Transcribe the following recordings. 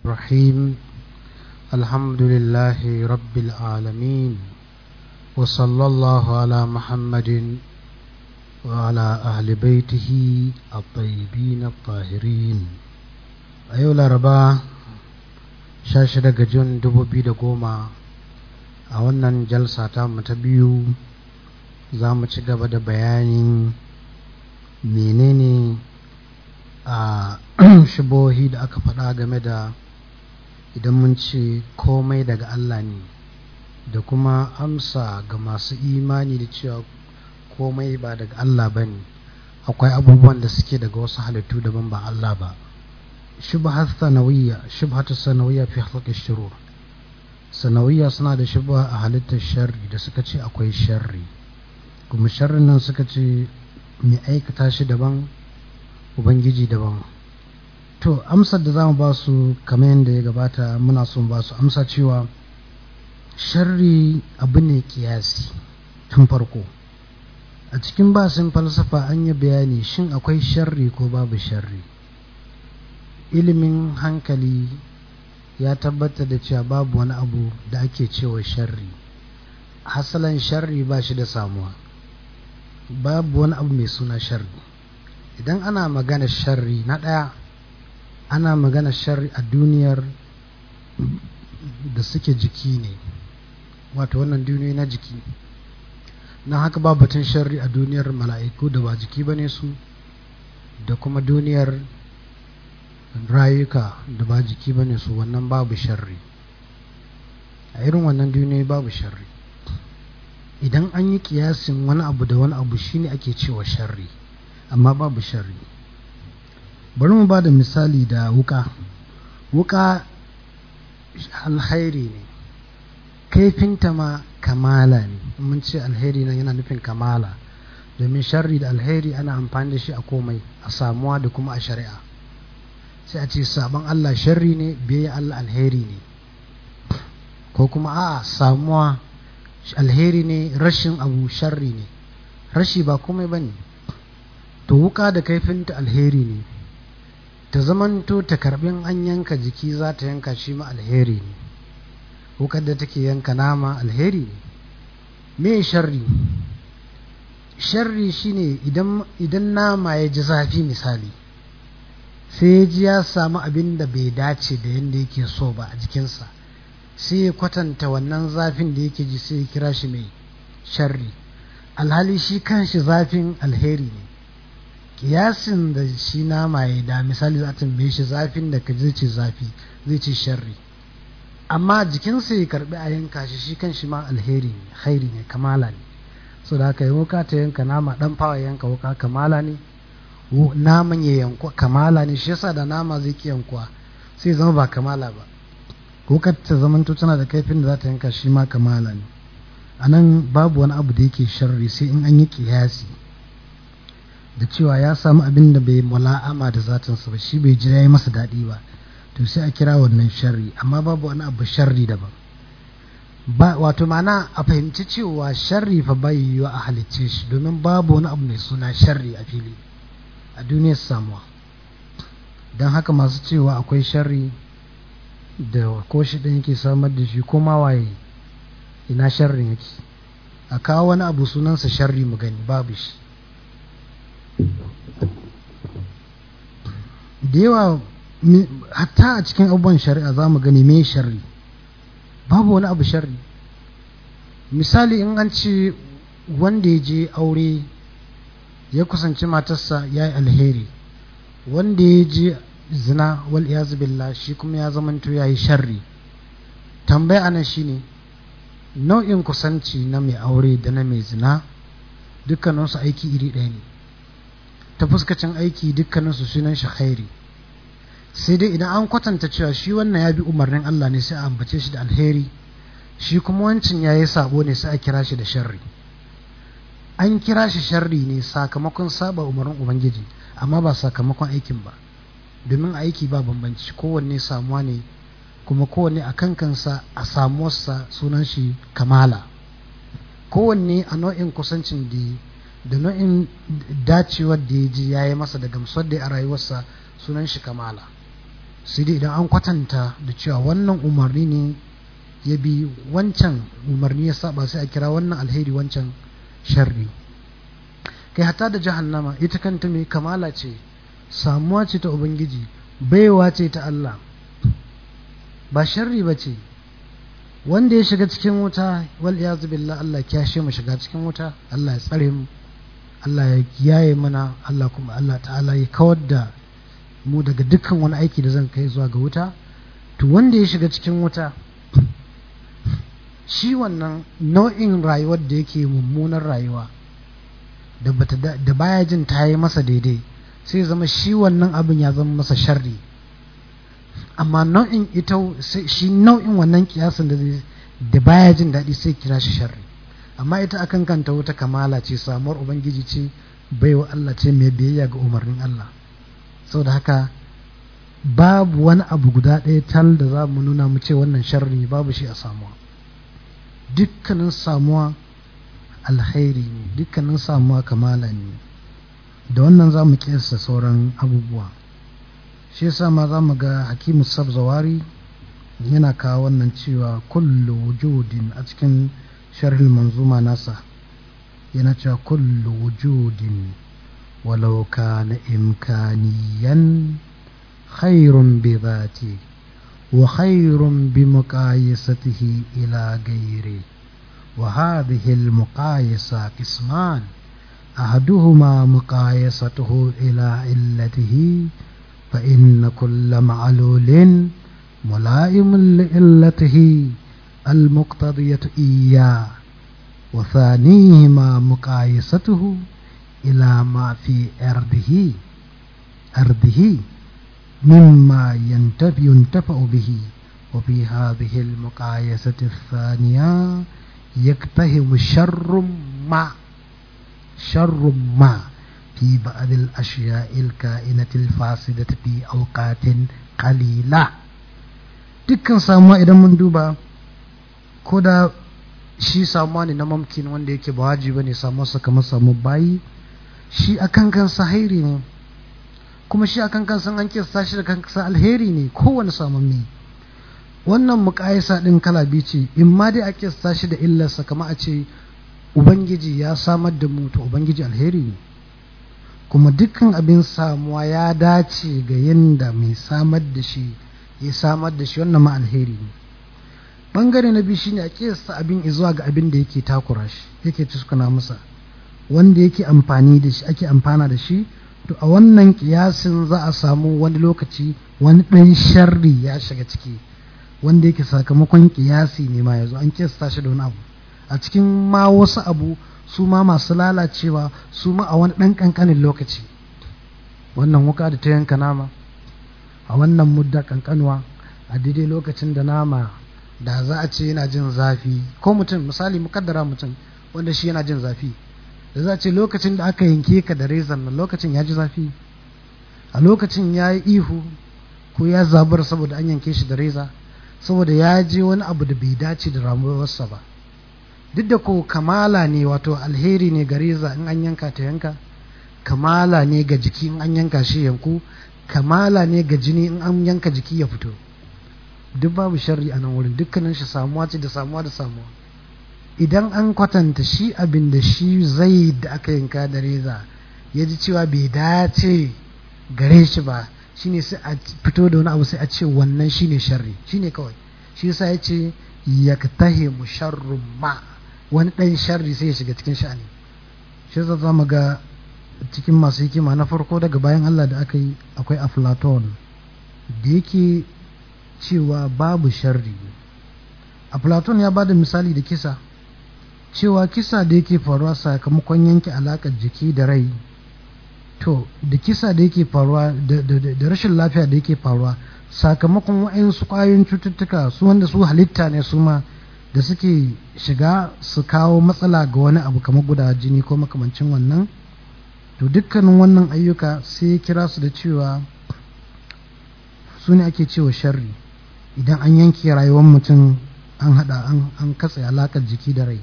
الرحيم الحمد لله رب العالمين وصلى الله على محمد وعلى أهل بيته الطيبين الطاهرين أيها ربا شاشة جون دبو بيد قوما أولا جلسة متبيو زام تشجب بيان menene a shubohi da aka faɗa game da idan mun ce komai daga Allah ne da kuma amsa ga masu imani da cewa komai ba daga Allah ba ne akwai abubuwan da suke daga wasu halittu daban ba Allah ba shi ba shubha sanawiyya fi halakar shiru sanawiyya suna da shi a halittar shari da suka ce akwai shari. kuma sharrin nan suka ce mai aikata shi daban ubangiji daban to amsar da za mu ba su kamar yadda ya gabata muna son ba su amsa cewa sharri abu ne kiyasi tun farko a cikin basin falsafa an yi bayani shin akwai sharri ko babu sharri ilimin hankali ya tabbata da cewa babu wani abu da ake cewa sharri hasalan sharri ba shi da samuwa babu wani abu mai suna sharri idan ana magana sharri na ɗaya ana magana sharri a duniyar da suke jiki ne wato wannan duniya na jiki na haka ba batun sharri a duniyar mala'iku da ba jiki ba ne su da kuma duniyar rayuka da ba jiki ba ne su wannan babu shari a irin wannan duniya babu sharri idan an yi kiyasin wani abu da wani abu shine ake cewa sharri amma babu sharri bari mu ba da misali da wuka wuka alhairi ne kaifinta ma kamala ne mun ce alheri nan yana nufin kamala domin sharri da alheri ana amfani da shi a komai a samuwa da kuma a shari'a sai a ce sabon Allah sharri ne biyayya Allah alheri ne ko kuma a'a samuwa alheri ne rashin abu sharri ne rashi ba komai ba ne to wuka da kaifinta alheri ne ta zamanto ta karbin an yanka jiki za ta yanka shi ma alheri ne hukar da take yanka nama alheri ne me sharri sharri shine idan idan nama ya ji zafi misali sai ya ji ya samu abin da bai dace da yadda yake so ba a jikinsa sai ya kwatanta wannan zafin da yake ji sai ya kira shi mai sharri alhali shi kanshi zafin alheri ne kiyasin da shi nama ya da misali za a tambaye shi zafin da ka zai ce zafi zai ce sharri amma jikinsa ya karbi a yanka shi shi kan shi ma alheri ne khairi ne kamala ne so da aka yi wuka ta yanka nama dan fawa yanka wuka kamala ne naman ya yanku kamala ne shi yasa da nama zai ki yankuwa sai zama ba kamala ba wukar ta zamanto tana da kaifin da za ta yanka shi ma kamala ne a nan babu wani abu da yake sharri sai in an yi kiyasi da cewa ya samu abin da bai mula'ama da zatinsa ba shi bai jira ya masa daɗi ba to sai a kira wannan sharri amma babu wani abu sharri daban ba wato mana a fahimci cewa sharri fa bai yiwa a halicce shi domin babu wani abu mai suna sharri a fili a duniyar samuwa don haka masu cewa akwai sharri da ko shi ɗin yake samar da shi ko ma waye ina sharrin yake a kawo wani abu sunansa sharri mu gani babu shi da yawa hatta a cikin abubuwan shari'a za mu gani mai shari babu wani abu shari misali in an ce wanda ya je aure ya kusanci matarsa ya yi alheri wanda ya je zina wal billah shi kuma ya zamanto ya yi sharri tambaya shi ne nau'in kusanci na mai aure da na mai zina dukkaninsu aiki iri ɗaya ne ta fuskacin aiki dukkaninsu sunan shi khairi sai dai idan an kwatanta cewa shi wannan ya bi umarnin Allah ne sai a ambace shi da alheri shi kuma wancin ya yi sabo ne sai a kira shi da sharri an kira shi sharri ne sakamakon saba umarnin ubangiji amma ba sakamakon aikin ba domin aiki ba bambanci kowanne samuwa ne kuma kowanne a kan kansa a samuwarsa sunan shi kamala kowanne a nau'in kusancin da da nau'in dacewar da ya ji ya yi masa da gamsuwar da a rayuwarsa sunan shi kamala sai dai idan an kwatanta da cewa wannan umarni ne ya bi wancan umarni ya saba sai a kira wannan alheri wancan sharri kai hata da jahannama ita kanta mai kamala ce samuwa ce ta ubangiji baiwa ce ta Allah ba sharri ba ce wanda ya shiga cikin wuta wal iyazu billah Allah ya shi mu shiga cikin wuta Allah ya tsare mu Allah ya kiyaye mana Allah kuma Allah ta'ala ya kawar da mu daga dukkan wani aiki da zan kai zuwa ga wuta to wanda ya shiga cikin wuta shi wannan nau'in rayuwar da yake mummunar rayuwa da baya jin ta yi masa daidai sai zama shi wannan abin ya zama masa sharri amma nau'in ita shi nau'in wannan kiyasin da baya jin daɗi sai kira shi sharri amma ita akan kanta wuta kamala ce samuwar ubangiji ce baiwa Allah ce mai biyayya ga umarnin Allah saboda haka babu wani abu guda ɗaya tal da za mu nuna mu ce wannan sharri babu shi a samuwa dukkanin samuwa alkhairi ne dukkanin samuwa kamala ne da wannan za mu kiyasta sauran abubuwa shi yasa ma za mu ga hakimu sabzawari yana kawo wannan cewa kullu wujudin a cikin شرح المنظومة نصا ينتهى كل وجود ولو كان إمكانيا خير بذاته وخير بمقايسته إلى غيره وهذه المقايسة قسمان أحدهما مقايسته إلى علته فإن كل معلول ملائم لعلته المقتضية إياه وثانيهما مقايسته إلى ما في أرضه أرضه مما ينتفع, ينتفع به وفي هذه المقايسة الثانية يكتهم شر ما شر ما في بعض الأشياء الكائنة الفاسدة في أوقات قليلة تكن sama إذا من دوبا ko da shi samuwa ne na mamkin wanda yake ba wajibi ba ne sa kamar samu bayi shi a kan kansa hairi ne kuma shi a kan kansa an kiyasta shi da kansa alheri ne kowane samamme wannan mukayisa ɗin kala biyu ce in ma dai a kiyasta shi da illarsa kama a ce ubangiji ya samar da mu to ubangiji alheri ne kuma dukkan abin samuwa ya dace ga yadda mai samar da shi ya samar da shi wannan ma alheri ne bangare na biyu shine a kiyasta abin izuwa ga abin da yake takura shi yake tuskuna masa wanda yake amfani da shi ake amfana da shi to a wannan kiyasin za a samu wani lokaci wani ɗan sharri ya shiga ciki wanda yake sakamakon kiyasi ne ma yazo an kiyasta shi da wani abu a cikin ma wasu abu su ma masu lalacewa su ma a wani ɗan ƙanƙanin lokaci wannan wuka da ta yanka nama a wannan mudda ƙanƙanwa a daidai lokacin da nama da za a ce yana jin zafi ko mutum misali mukaddara mutum wanda shi yana jin zafi da za a ce lokacin da aka yanke ka da rezan nan lokacin ya ji zafi a lokacin ya yi ihu ko ya zabar saboda an yanke shi da reza saboda ya je wani abu da bai dace da ramuwarsa ba duk da ko kamala ne wato alheri ne ga reza in an yanka ta yanka kamala ne ga jiki in an yanka shi yanku kamala ne ga jini in an yanka jiki ya fito duk babu sharri a nan wurin dukkanin shi samuwa ce da samuwa da samuwa idan an kwatanta shi abin da shi zai da aka yanka da reza ya ji cewa bai dace gare shi ba shi ne sai a fito da wani abu sai a ce wannan shi shine sharri ne kawai shi sa ya ce ya mu sharrun ma wani ɗan sharri sai ya shiga cikin sha'ani shi yasa za mu ga cikin masu hikima na farko daga bayan Allah da aka yi akwai aflaton da yake cewa babu sharri a platon ya ba da misali da kisa cewa kisa da yake faruwa sakamakon yanke alaƙar jiki da rai to da kisa da yake faruwa da rashin lafiya da yake faruwa sakamakon wa'insu ƙwayoyin cututtuka su wanda su halitta ne su ma da suke shiga su kawo matsala ga wani abu kamar guda jini ko makamancin wannan to dukkanin wannan ayyuka sai kira su da cewa su ne ake cewa sharri idan an yanke rayuwar mutum an hada an katse alakar jiki da rai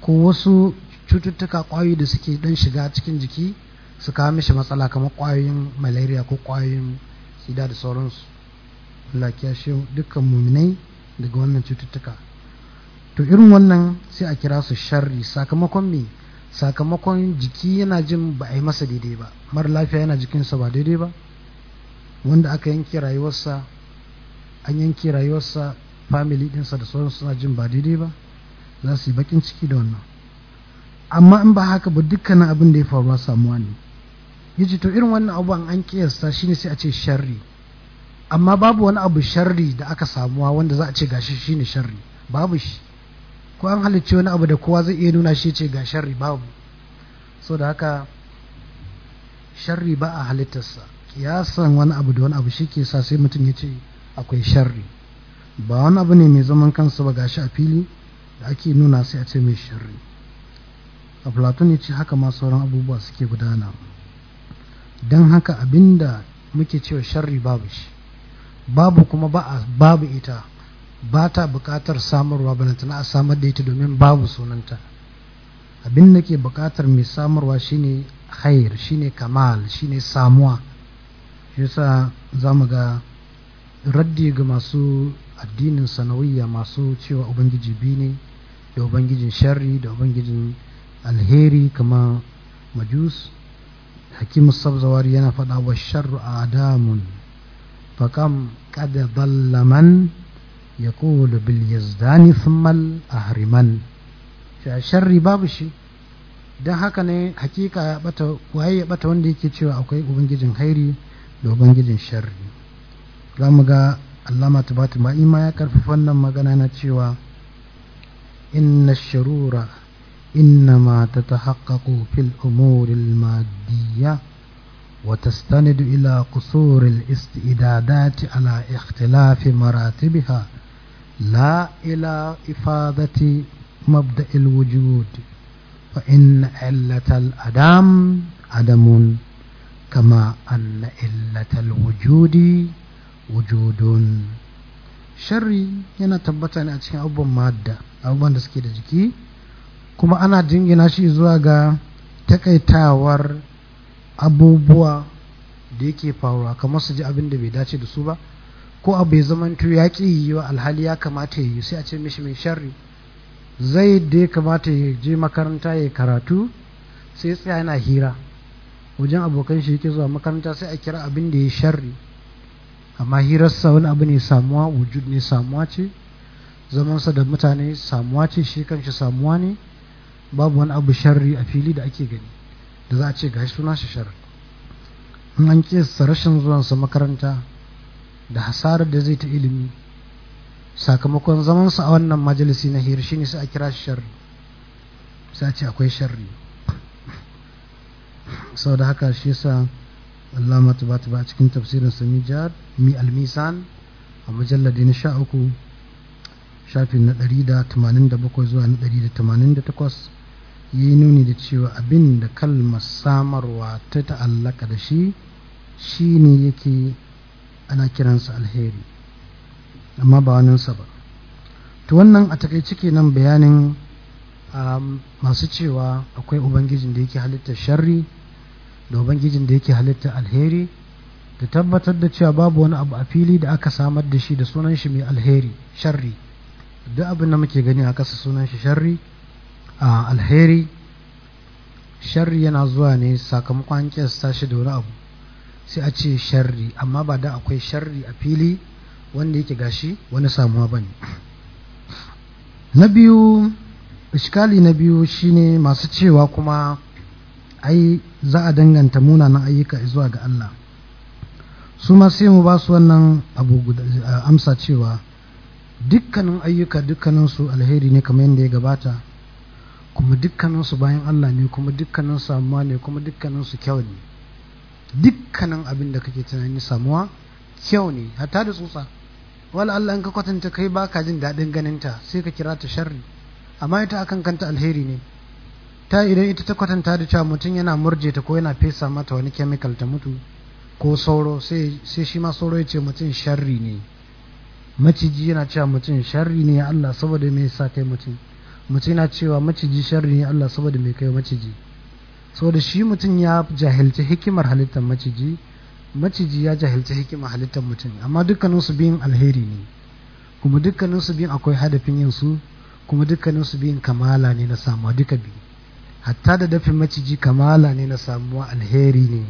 ko wasu cututtuka kwayoyi da suke dan shiga cikin jiki su kawo mishi matsala kamar kwayoyin malaria ko kwayoyin sida da sauransu lafiya shi dukkan muminai daga wannan cututtuka to irin wannan sai a kira su sharri sakamakon me sakamakon jiki yana jin ba a yi masa daidai ba mara lafiya yana jikinsa ba daidai ba wanda aka yanke rayuwarsa an yanke rayuwarsa family ɗinsa da sauran suna jin ba daidai ba za su yi bakin ciki da wannan amma in ba haka ba dukkanin abin da ya faruwa samuwa ne ya ce to irin wannan abu an kiyasta shine sai a ce sharri amma babu wani abu sharri da aka samuwa wanda za a ce gashi shine sharri babu shi ko an halicci wani abu da kowa zai iya nuna shi ce ga sharri babu so da haka sharri ba a halittarsa kiyasan wani abu da wani abu shi ke sa sai mutum ya ce akwai sharri ba wani abu ne mai zaman kansu ba gashi a fili da ake nuna sai a ce mai sharri a platon ya ce haka ma sauran abubuwa suke gudana don haka abinda muke cewa sharri babu shi babu kuma ba a babu ita ba ta bukatar samarwa ba na a samar da ita domin babu sunanta abin da ke bukatar mai samarwa shine hayar shine kamal shine samuwa shi yasa za mu ga raddi ga masu addinin sanawiyya masu cewa ubangiji biyu ne da ubangijin Shari da ubangijin alheri kama majus hakim sabzawari yana faɗa wa sharru adamun fakam ƙada ballaman ya kowace bil yazdani thummal ahriman sharri babu shi don haka ne hakika ya bata waye ya bata wanda yake cewa akwai ubangijin hairi da ubangijin sharri za mu ga allama tufatima ima ya karfi wannan magana na cewa inna sharura إنما تتحقق في الأمور المادية وتستند إلى قصور الاستعدادات على اختلاف مراتبها لا إلى إفادة مبدأ الوجود فإن علة الأدام عدم كما أن علة الوجود wujudun sharri yana tabbata ne a cikin abubuwan madda abubuwan da suke da jiki kuma ana jingina shi zuwa ga takaitawar abubuwa da yake faruwa kamar su ji abin da bai dace da su ba ko abu ya tu ya ƙi yi wa alhali ya kamata ya yi sai a ce mishi mai sharri zai da ya kamata ya je makaranta ya karatu sai tsaya yana hira wajen abokan shi yake zuwa makaranta sai a kira abin da ya sharri amma hirarsa wani abu ne samuwa wujud ne samuwa ce zamansa da mutane samuwa ce shi kanshi samuwa ne babu wani abu sharri a fili da ake gani da za a ce gashi suna shi sharri in an kesa rashin zuwansa makaranta da hasarar da zai ta ilimi sakamakon zamansa a wannan majalisi na shi ne sai a kira shi sharri sai a ce akwai sharri sau da haka shi sa allama ta bata ba cikin tafsirin sami jihar mi almisan a mujalladi na sha uku shafin na ɗari da tamanin da bakwai zuwa na ɗari da tamanin da takwas ya yi nuni da cewa abin da kalmar samarwa ta ta'allaka da shi shi ne yake ana kiransa alheri amma ba waninsa ba Ta wannan a takaice nan bayanin masu cewa akwai ubangijin da yake halittar sharri da ubangijin da yake halitta alheri da tabbatar da cewa babu wani abu a fili da aka samar da shi da sunan shi mai alheri sharri duk abin da muke gani a ƙasa sunan shi sharri a alheri sharri yana zuwa ne sakamakon an kyasta shi da wani abu sai a ce sharri amma ba da akwai sharri a fili wanda yake gashi wani samuwa ba ne na biyu iskali na biyu shine masu cewa kuma ai za a danganta munanan ayyuka zuwa ga Allah su ma sai mu ba su wannan abu amsa cewa dukkanin ayyuka dukkaninsu alheri ne kamar yadda ya gabata kuma dukkaninsu bayan Allah ne kuma dukkanin samuwa ne kuma dukkaninsu kyau ne dukkanin abin da kake tunani samuwa kyau ne hatta da tsutsa wala Allah in ka kwatanta kai baka jin daɗin ganinta sai ka kira ta sharri amma ita akan kanta alheri ne Ta idan ita ta kwatanta da cewa mutum yana murje ta ko yana fesa mata wani kemikal ta mutu ko sauro sai shi ma sauro ya ce mutum sharri ne maciji yana cewa mutum sharri ne Allah saboda mai sa kai mutum mutum yana cewa maciji sharri ne Allah saboda mai kai maciji saboda shi mutum ya jahilci hikimar halittar maciji maciji ya jahilci hikimar halittar mutum amma dukkanin su biyun alheri ne kuma dukkanin su biyun akwai hadafin yin su kuma dukkanin su biyun kamala ne na samuwa duka biyu hatta da dafin maciji kamala ne na samuwa alheri ne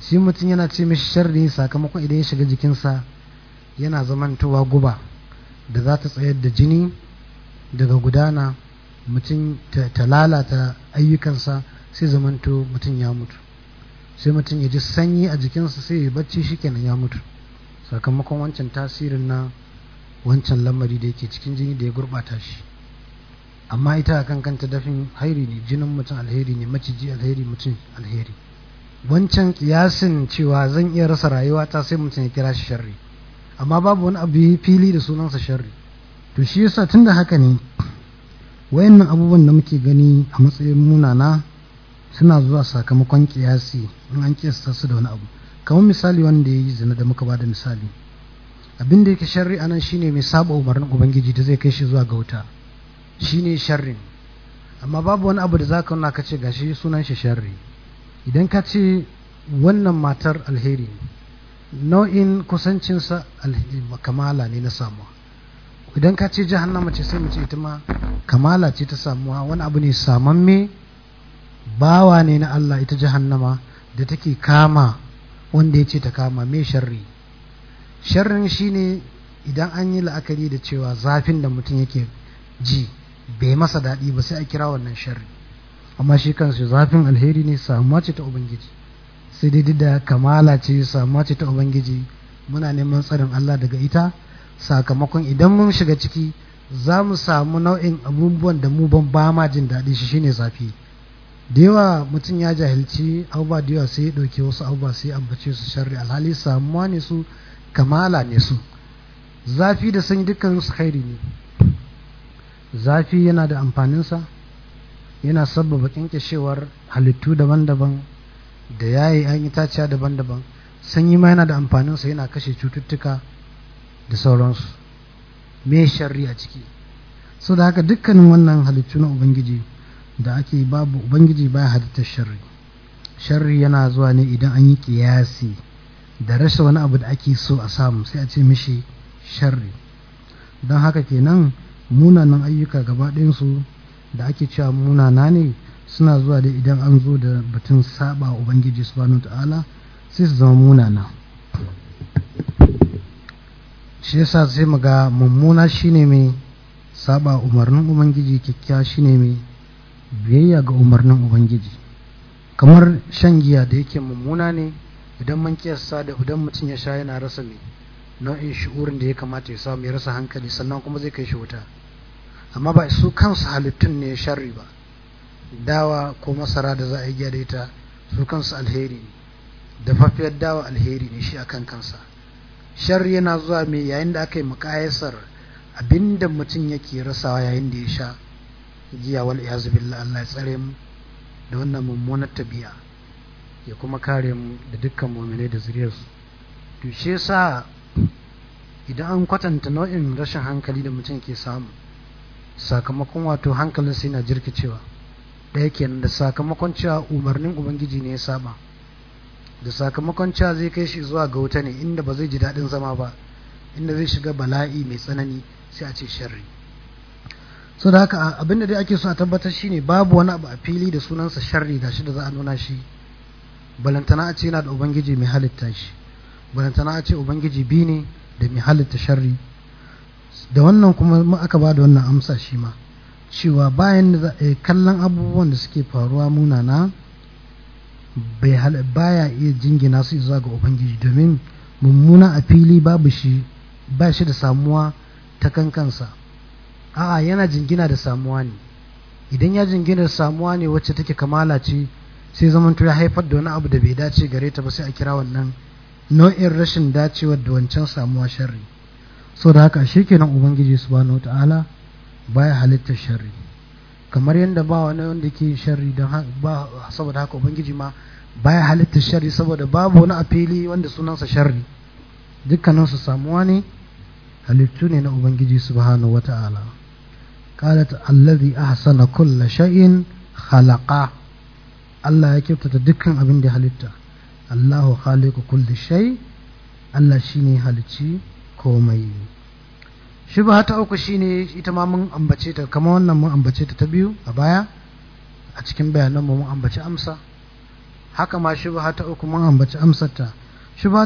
shi mutum yana ce mishi sharri sakamakon idan ya shiga jikinsa yana zamantowa guba da za ta tsayar da jini daga gudana mutum ta lalata ayyukansa sai zamanto mutum ya mutu sai mutum ya ji sanyi a jikinsa sai ya bacci shi kenan ya mutu sakamakon wancan tasirin na wancan lamari da yake cikin jini da ya gurɓata shi amma ita a kan kanta dafin hairi ne jinin mutum alheri ne maciji alheri mutum alheri wancan kiyasin cewa zan iya rasa rayuwa ta sai mutum ya kira shi sharri amma babu wani abu ya fili da sunansa sharri to shi yasa tun da haka ne wayannan abubuwan da muke gani a matsayin munana suna zuwa sakamakon kiyasi in an kiyasta su da wani abu kamar misali wanda ya yi zina da muka bada misali abin da yake sharri anan shine mai saba umarnin ubangiji da zai kai shi zuwa ga wuta shine sharrin amma babu wani abu da za ka nuna kace ce gashi sunan shi sharri idan ka ce wannan matar alheri nau'in kusancinsa kamala ne na samuwa idan ka ce jahannama ce sai mu ce ita ma kamala ce ta samuwa wani abu ne saman me bawa ne na Allah ita jahannama da take kama wanda ya ce ta kama me sharri sharrin shine idan an yi la'akari da cewa zafin da mutum yake ji bai masa daɗi ba sai a kira wannan sharri amma shi kansu zafin alheri ne samuwa ce ta ubangiji sai dai da kamala ce samuwa ce ta ubangiji muna neman tsarin Allah daga ita sakamakon idan mun shiga ciki za mu samu nau'in abubuwan da mu ban ba ma jin daɗi shi shine zafi da yawa mutum ya jahilci abubuwa da yawa sai ya ɗauki wasu abubuwa sai ambace su sharri alhali samuwa ne su kamala ne su zafi da sanyi dukkan su khairi ne zafi yana da amfaninsa yana sabbaba kinkishewar halittu daban-daban da yayi an itaciya daban-daban sanyi ma yana da amfaninsa yana kashe cututtuka da sauransu me sharri a ciki so da haka dukkanin wannan halittu na ubangiji da ake babu ubangiji baya halittar sharri sharri yana zuwa ne idan an yi kiyasi da rashin wani abu da ake so a samu sai a ce mishi sharri don haka kenan munanan ayyuka gaba ɗayansu da ake cewa munana ne suna zuwa da idan an zo da batun saba ubangiji subhanahu ta'ala sai su zama munana shi yasa sai mu ga mummuna shine mai saba umarnin ubangiji kyakkyawa shine mai biyayya ga umarnin ubangiji kamar shan giya da yake mummuna ne idan man kiyasta da idan mutum ya sha yana rasa mai nau'in shi'urin da ya kamata ya samu ya rasa hankali sannan kuma zai kai shi wuta amma ba su kansu halittun ne sharri ba dawa ko masara da za a yi gyara ta su kansu alheri ne dafaffiyar dawa alheri ne shi akan kansa sharri yana zuwa mai yayin da aka yi abinda mutum yake rasawa yayin da ya sha giya wal iyazu billah Allah ya tsare mu da wannan mummunar tabi'a ya kuma kare mu da dukkan mu'minai da zuriyarsu to shi yasa idan an kwatanta nau'in rashin hankali da mutum ke samu sakamakon wato hankalin sai na jirkicewa da yake da sakamakon cewa umarnin ubangiji ne ya saba da sakamakon cewa zai kai shi zuwa ga wuta ne inda ba zai ji daɗin zama ba inda zai shiga bala'i mai tsanani sai a ce sharri so da haka abinda dai ake so a tabbatar shi ne babu wani abu a fili da sunansa sharri shi da za a nuna shi balantana a ce yana da ubangiji mai halitta shi balantana a ce ubangiji biyu ne da mai halitta sharri da wannan kuma aka ba da wannan amsa shi ma cewa bayan da eh, kallon abubuwan da suke faruwa munana baya iya jingina su zuwa ga ubangiji domin mummuna a fili babu shi ba shi da samuwa ta kankansa a'a yana jingina da samuwa ne idan ya jingina da samuwa ne wacce take kamala ce sai zaman ya haifar da wani abu da bai dace gare ta ba sai a kira wannan nau'in rashin dacewar da wancan samuwa sharri da haka shi kenan ubangiji subhanahu ta'ala baya halittar sharri kamar yadda ba wani wanda ke sharri don ba saboda haka ubangiji ma baya halittar sharri saboda babu wani a fili wanda sunansa sharri dukkanin su samuwa ne halittu ne na ubangiji subhanahu wata'ala qalat allazi ahsana kulla shay'in khalaqa Allah ya kyautata dukkan abin da halitta Allahu khaliqu kulli shay Allah shine halicci komai shubha ta uku shine ita ma mun ambace ta kamar wannan mun ambace ta ta biyu a baya a cikin bayanan mu mun ambaci amsa haka ma shubha ta uku mun ambaci amsar ta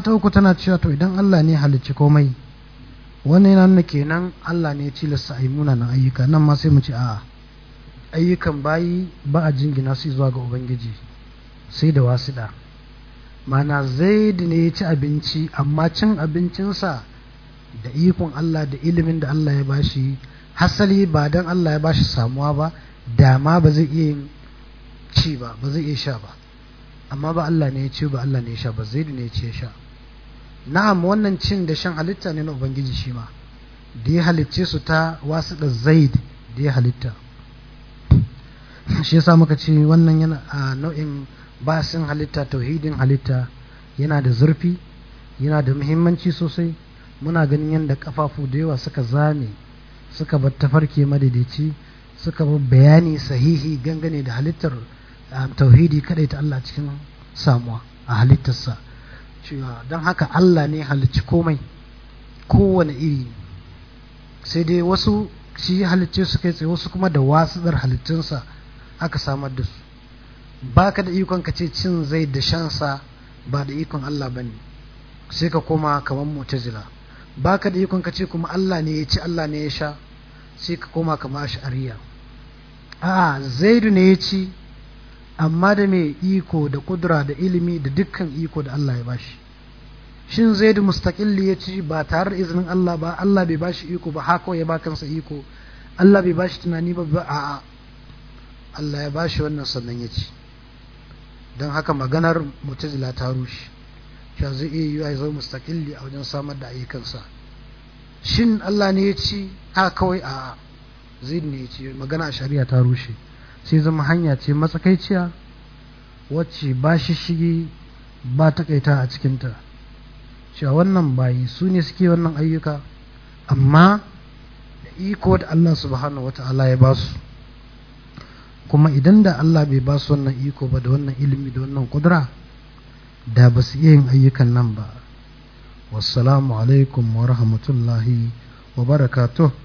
ta uku tana cewa to idan Allah ne halicci komai wani yana nuna kenan Allah ne ya a yi munanan ayyuka nan ma sai mu ce a'a ayyukan bayi ba a jingina su zuwa ga ubangiji sai da da mana zaid ne ya ci abinci amma cin abincinsa da ikon Allah da ilimin da Allah ya bashi hasali ba don Allah ya bashi samuwa ba dama ba zai iya ci ba ba zai iya sha ba amma ba Allah ne ya ci ba Allah ne ya sha ba zai ne ya ci ya sha na'am wannan cin da shan halitta ne na ubangiji shi ma da ya halicce su ta wasu da zaid da ya halitta shi yasa muka ce wannan yana a nau'in basin halitta tauhidin halitta yana da zurfi yana da muhimmanci sosai muna ganin yadda kafafu da yawa suka zame suka bar tafarki madaidaici suka bar bayani sahihi gangane da halittar ah, tauhidi kadai ta Allah cikin samuwa a halittarsa cewa don haka Allah ne halicci komai kowane iri sai dai wasu shi halicci su kai tsaye wasu kuma da wasu dar halittunsa aka samar da su ba ka da ikon ka ce cin zai da shansa ba da ikon Allah ba ne sai ka koma kamar mutazila baka da ikon ka ce kuma Allah ne ya ci Allah ne ya sha sai ka koma ka kama ariya. a'a zaidu ne ya ci amma da mai iko da kudura da ilimi da dukkan iko da Allah ya bashi shin zaidu mustaqilli ya ci ba tare da izinin Allah ba Allah bai bashi iko ba haka ya ba kansa iko Allah bai bashi tunani ba a'a Allah ya bashi wannan sannan ya ci don haka maganar mutazila ta rushe cewa zai iya yiwa ya zama mustaƙilli a wajen samar da ayyukansa shin Allah ne ya ci a kawai a zid ne ya ci magana a shari'a ta rushe sai zama hanya ce matsakaiciya wacce ba shi shige ba ta kaita a cikinta cewa wannan bayi su ne suke wannan ayyuka amma da iko da Allah subhanahu wata'ala ya ba su kuma idan da Allah bai ba su wannan iko ba da wannan ilimi da wannan kudura da ba su yin ayyukan nan ba wassalamu alaikum wa rahmatullahi wa barakatuh